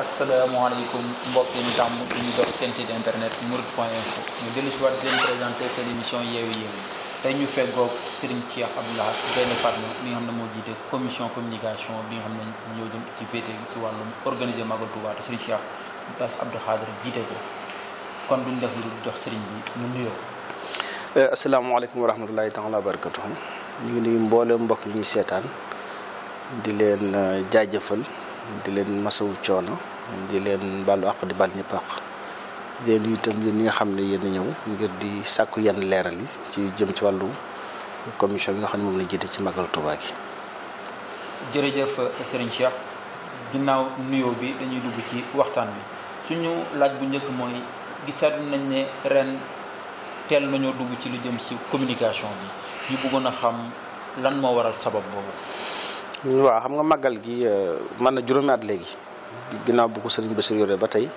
asalaamaaleykum mbokk yi ñu tàmm di ñu dox seen site internet mourides point info ñu dellu si waat di leen présenté seen émission yeewu yeewu tey ñu feggoog Serigne Cheikh Abdoulaye benn Fatma mi nga xam ne moo jiite commission communication bi nga xam ne ñoo jëm ci féete ci wàllum organiser Magal Touba te Serigne Cheikh Bass Abdou Khadre kon duñ def lu jox Serigne bi ñu nuyoo. Euh, asalaamaaleykum wa rahmatulahi taala wa barakatuhu ñu ngi nuyu mboolem mbokk yi ñu seetaan di leen euh, jaajëfal. di leen masawu coono di leen baalu àq di baal ñëpp àq di leen nga xam ne yéen ñëw ngir di sàkku yenn leeral yi ci jëm ci wàllu commission bi nga xam ne moom la jiite ci màggal Tuubaa gi. jërëjëf Serigne Cheikh ginnaaw nuyoo bi dañuy dugg ci waxtaan bi suñu laaj bu njëkk mooy gisaat nañ ne ren teel nañoo dugg ci lu jëm ci communication bi ñu bëggoon a xam lan moo waral sabab boobu. waaw xam nga màggal gi euh, mën na juróomi at léegi ginnaaw bu ko sëriñ Bachir yore ba tey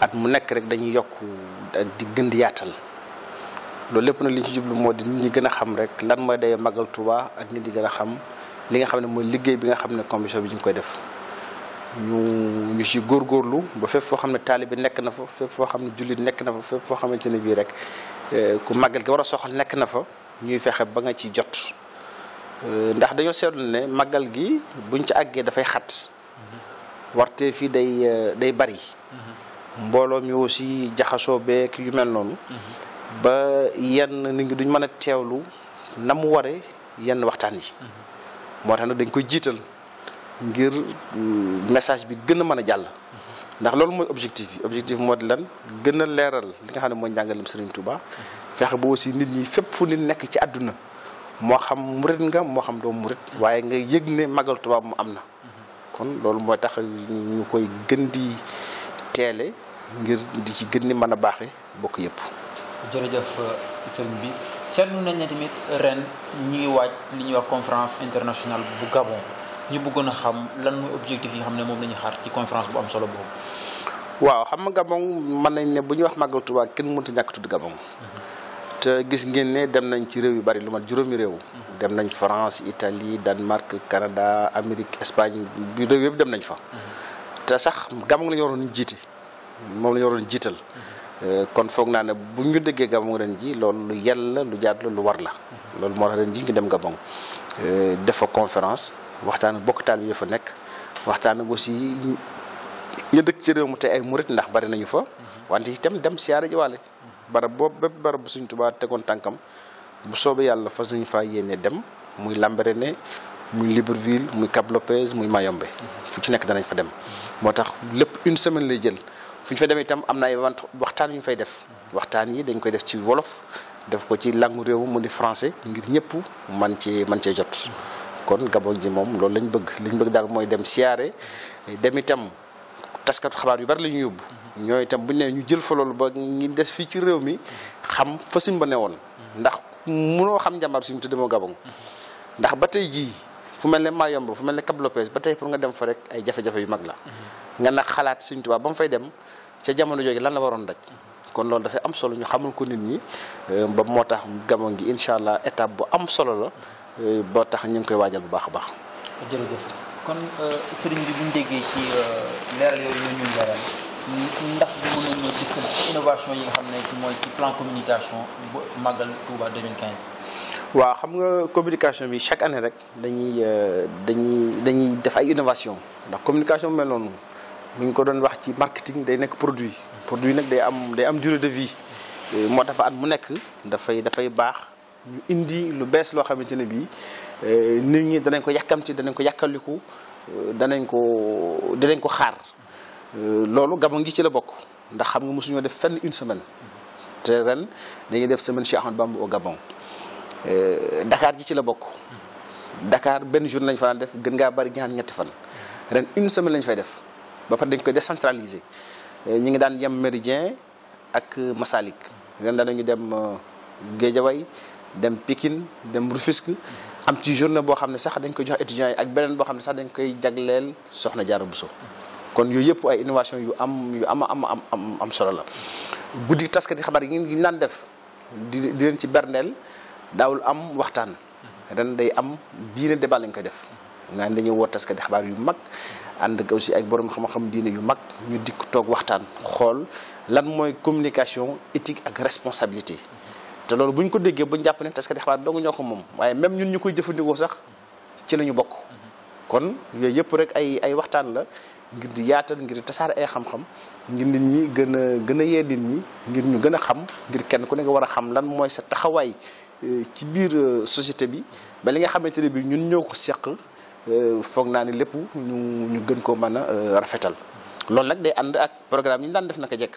at mu nekk rek dañuy yokk di gën yaatal loolu lépp na li ñu ci jublu moo di nit gën a xam rek lan mooy day màggal Touba ak nit ñi gën a xam li nga xam ne mooy liggéey bi nga xam ne commission bi ñu koy def ñu ñu góor góorgóorlu ba fépp foo xam ne bi nekk na fa fépp foo xam ne jullit nekk na fa fépp foo xamante ne bii rek euh, ku màggal gi war a soxal nekk na fa ñuy fexe ba nga ci jot Euh, ndax dañoo seetlu ne màggal gi buñ ci àggee dafay xat warte fii day euh, day bari mbooloo mi jaxasoo beek yu mel noonu ba yenn nit ñi duñ mën a teewlu na mu waree yenn waxtaan yi moo tax nag dañ ko jiital ngir mm, message bi gën a mën a jàll ndax loolu mooy objectif yi objectif moo di lan gën a leeral li nga xam ne mooy njàngalem Serigne Touba fexe ba aussi nit ñi fépp fu nit nekk ci àdduna moo xam murit nga moo xam doo murit waaye nga yëg ne magal tubaab mu am na kon loolu moo tax ñu koy gën di teele ngir di ci gën ni mën a baaxe bokk yëpp jërëjëf sëriñ bi seetlu nañ ne tamit ren ñuy ngi waaj li ñuy wax conférence internationale bu Gabon ñu bëggoon a xam lan mooy objectif yi nga xam ne moom la ñu xaar ci conférence bu am solo boobu waaw xam nga Gabon mën nañ ne bu ñu wax magal Tuubaa kenn mënut a ñàkk tudd Gabon mhm. te gis ngeen ne dem nañ ci réew yu bari lu mat juróomi réew dem nañ france italie danemark canada amérique espagne bi réew yëpp dem nañ fa te sax ñoro ñu jité jiite la ñoro ñu jital kon foog naa ne bu ñu déggee gabon ren ji loolu lu yàlla lu jaag la lu war la loolu moo tax ren ji ngi dem gabon euh, def fa conférence waxtaan bokk taal bi fa nekk waxtaan aussi ñu dëkk ci réew mu te ay murit ndax bari nañu fa wante itam dem siyaare ji barab boobu bépp barab bu Sëriñ Tuubaa tegoon tànkam bu soobee yàlla fas nañu faa yéene dem muy Lambaréné muy Libreville muy Cap Lopez muy Mayombe fu ci nekk danañ fa dem moo tax lépp une semaine lay jël fu ñu fa demee itam am na ay waxtaan yu fay def waxtaan yi dañ koy def ci wolof def ko ci langue réew mu di français ngir ñëpp man cee man cee jot kon Gabon ji moom loolu lañ bëgg liñ bëgg daal mooy dem siyaare dem itam taskatu xabaar yu bari la ñu yóbbu. ñooy itam bu ñu nee ñu jël fa loolu ba ngi des fii ci réew mi xam fa suñ ne woon. ndax munoo xam njàmbaar ñu te demoo Gabon. ndax ba tey jii fu mel ne Mayombe fu mel ne Cap Lopez ba tey pour nga dem fa rek ay jafe-jafe yu mag la. nga nag xalaat suñ tubaab ba mu fay dem ca jamono jooju lan la waroon daj. kon loolu dafay am solo ñu xamal ko nit ñi euh, ba moo tax Gabon gi incha allah étape bu am solo la euh, ba tax ñu ngi koy waajal bu baax a baax. kon euh, sëriñ bi bu ñu déggee ci euh, leeral yooyu ñoo ñu leeral ndax mën nañu dikkal innovation yi nga xam ne mooy ci plan communication bu màggal Touba 2015. waaw xam nga communication bi chaque année rek dañuy euh, dañuy dañuy def ay innovation ndax communication mel noonu bu ñu ko doon wax ci marketing day nekk produit. produit nag day am day am durée de vie moo tax fa at mu nekk dafay dafay baax. ñu indi lu bees loo xamante ne bii eh, nit ñi danañ ko yàkkamti danañ ko yàkkaliku eh, danañ ko danañ ko xaar eh, loolu gàmmu gi ci la bokk ndax xam nga mosuñoo def fenn une semaine te ren dañuy def semaine Cheikh Ahmadou Bamba au Gabon ji ci la bokk Dakar benn jour lañ fa def gën ngaa bari ñaan ñetti fan ren une semaine lañ fay def ba pare dañ koy décentraliser ñu ngi daan yem Méridien ak Masalik ren danañu dem Guédiawaye dem Pikine dem Rufisque am ci journée boo xam ne sax dañ koy jox étudiants yi ak beneen boo xam ne sax dañ koy jagleel Soxna Jaara Buso kon yooyu yëpp ay innovation yu am yu am am am am solo la guddi taskati xabaar yi ngeen naan def di di leen ci berndeel daawul am waxtaan ren day am diine débat lañ koy def nga dañuy woo taskati xabaar yu mag ànd ak aussi ay borom xam-xam diine yu mag ñu dikk toog waxtaan xool lan mooy communication éthique ak responsabilité te loolu bu ñu ko déggee bu ñu jàpp ne taskati xabaar dong ñoo ko moom waaye même ñun ñu koy jëfandikoo sax ci la ñu bokk. kon yooyu yëpp rek ay ay waxtaan la ngir di yaatal ngir tasaare ay xam-xam ngir nit ñi gën a gën a yee nit ñu gën a xam ngir kenn ku nekk war a xam lan mooy sa taxawaay euh, ci biir euh, société bi ba li nga xamante ne bi ñun ñoo ko seq euh, foog naa ne lépp ñu ñu gën koo mën a rafetal loolu nag day ànd ak programme yi ñu daan def naka jekk.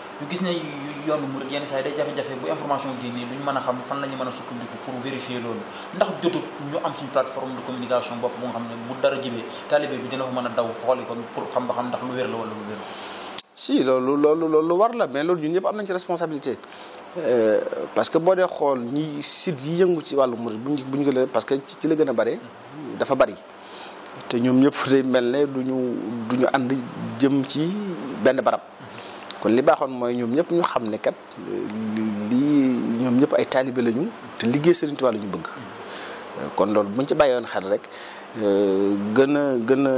ñu gis ne yoonu murid yenn saa day jafe-jafe bu information génnee duñ mën a xam fan lañu ñu mën a sukkandiku pour vérifier loolu ndax jotut ñu am suñu plateforme de communication bopp bu nga xam ne bu dara jibe talibé bi dina ko mën a daw xooli ko pour xam ba xam ndax lu wér la wala lu wér si loolu loolu loolu war la mais loolu ñun ñëpp am nañ ci responsabilité eh, parce que boo dee xool ñi site yi yëngu ci wàllu murid buñ buñ gën a parce que ci la gën a bare dafa bari te ñoom ñëpp day mel ne duñu duñu ànd jëm ci benn barab kon li baaxoon mooy ñoom ñëpp ñu xam ne kat euh, lii ñoom ñëpp ay taalibe lañu te liggéey Sëriñ Tuubaa la ñu bëgg euh, kon loolu buñ ci bàyyoon xel rek euh, gën a gën a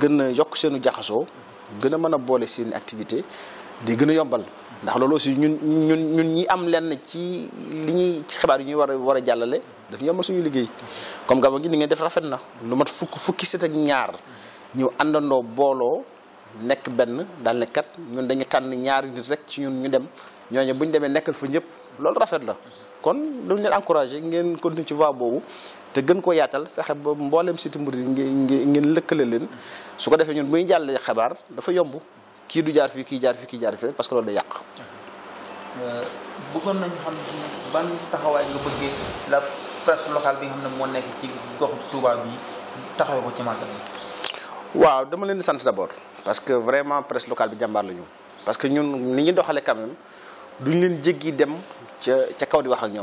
gën a yokk seenu jaxasoo gën a mën a boole seen activité di gën a yombal ndax loolu aussi ñun ñun ñun ñi am lenn ci li ñuy ci xibaar yi ñuy war a war a jàllale daf ñu yombal suñu liggéey comme gabon gi ni ngeen def rafet na lu mat fukk fukki set ak ñaar ñëw àndandoo booloo nekk benn daal ne kat ñun dañu tànn ñaari nit rek ci ñun ñu dem ñooñu bu ñu demee nekkal fa ñëpp loolu rafet la kon duñ leen encouragé ngeen continuer ci voie boobu te gën koo yaatal fexe ba mbooleem site murid ngeen ngeen lëkkale leen su ko defee ñun bu ñu jàllee xabaar dafa yomb kii du jaar fii kii jaar fii kii jaar fii parce que loolu day yàq. Euh, bëggoon nañu xam ban taxawaay nga bëggee la presse locale bi nga xam ne moo nekk ci gox Touba bi taxawee ko ci màggal Je je vous sens d'abord. Parce que vraiment, la presse locale est très Parce que nous, nous sommes quand même, nous sommes tous les deux, nous sommes tous les deux.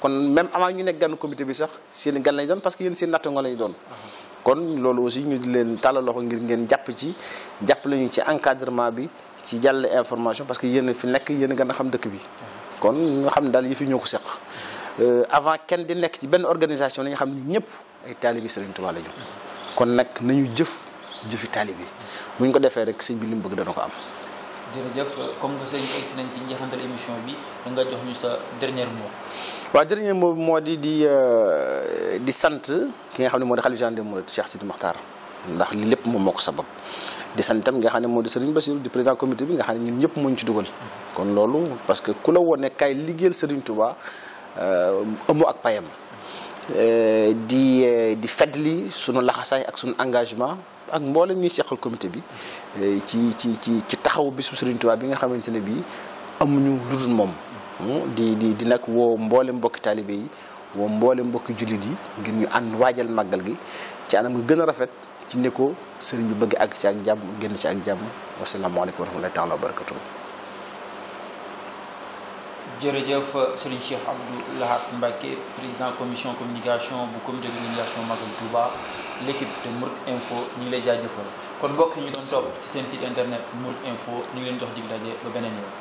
kon même avant ñu nekk ganu comité bi sax seen gan lañ doon parce que si seen nattango lañ doon. kon loolu aussi ñu di leen tàllaloo loxo ngir ngeen jàpp ci jàpp lañu ci encadrement bi ci jàll information parce que yéen fi nekk yéen a gën a xam dëkk bi. kon nga xam daal fi ñoo ko seq. Euh, avant kenn di nekk ci benn organisation lañu xam ne ñëpp ay taalibi Serigne Touba la ñu. kon nag nañu jëf jëfi taalibi bu ñu ko defee rek sëñ bi li mu bëgg dana ko am. jërëjëf comme sa dernier waaw dernier mot moo di di euh, di sant ki nga xam ne moo di xalifa général des mourides Cheikh ndax li lépp moom moo ko sabab di sant itam nga xam ne moo di Serigne Bassirou di président comité bi nga xam ne ñun ñëpp moo ñu ci dugal. kon loolu parce que ku la wone kay liggéeyal Serigne Touba amoo euh, ak payam. Euh, di di fedli sunu laxasaay ak sunu engagement ak mboolem ñuy seqal comité bi ci ci ci taxaw bisub Sëriñ Tuubaa bi nga xamante ne bii amuñu lu dul moom di di di nag woo mboole mbokki taalibe yi woo mboole mbokki jullit yi ngir ñu ànd waajal màggal gi ci anam gi gën a rafet ci ne ko sëriñ bi bëgg ak ci ak jàmm génn ci ak jàmm wasalaamaaleykum wa rahmatullaahi taala la barakatuh jërëjëf Serigne Cheikh Abdou Lahab Mbacké président commission communication bu comité d'organisation Magal Touba l' équipe de Mouride Info ñi lay jaajëfal kon mbokk ñu doon top ci seen site internet Mouride Info ñu ngi leen jox dig dajé ba benen yoon.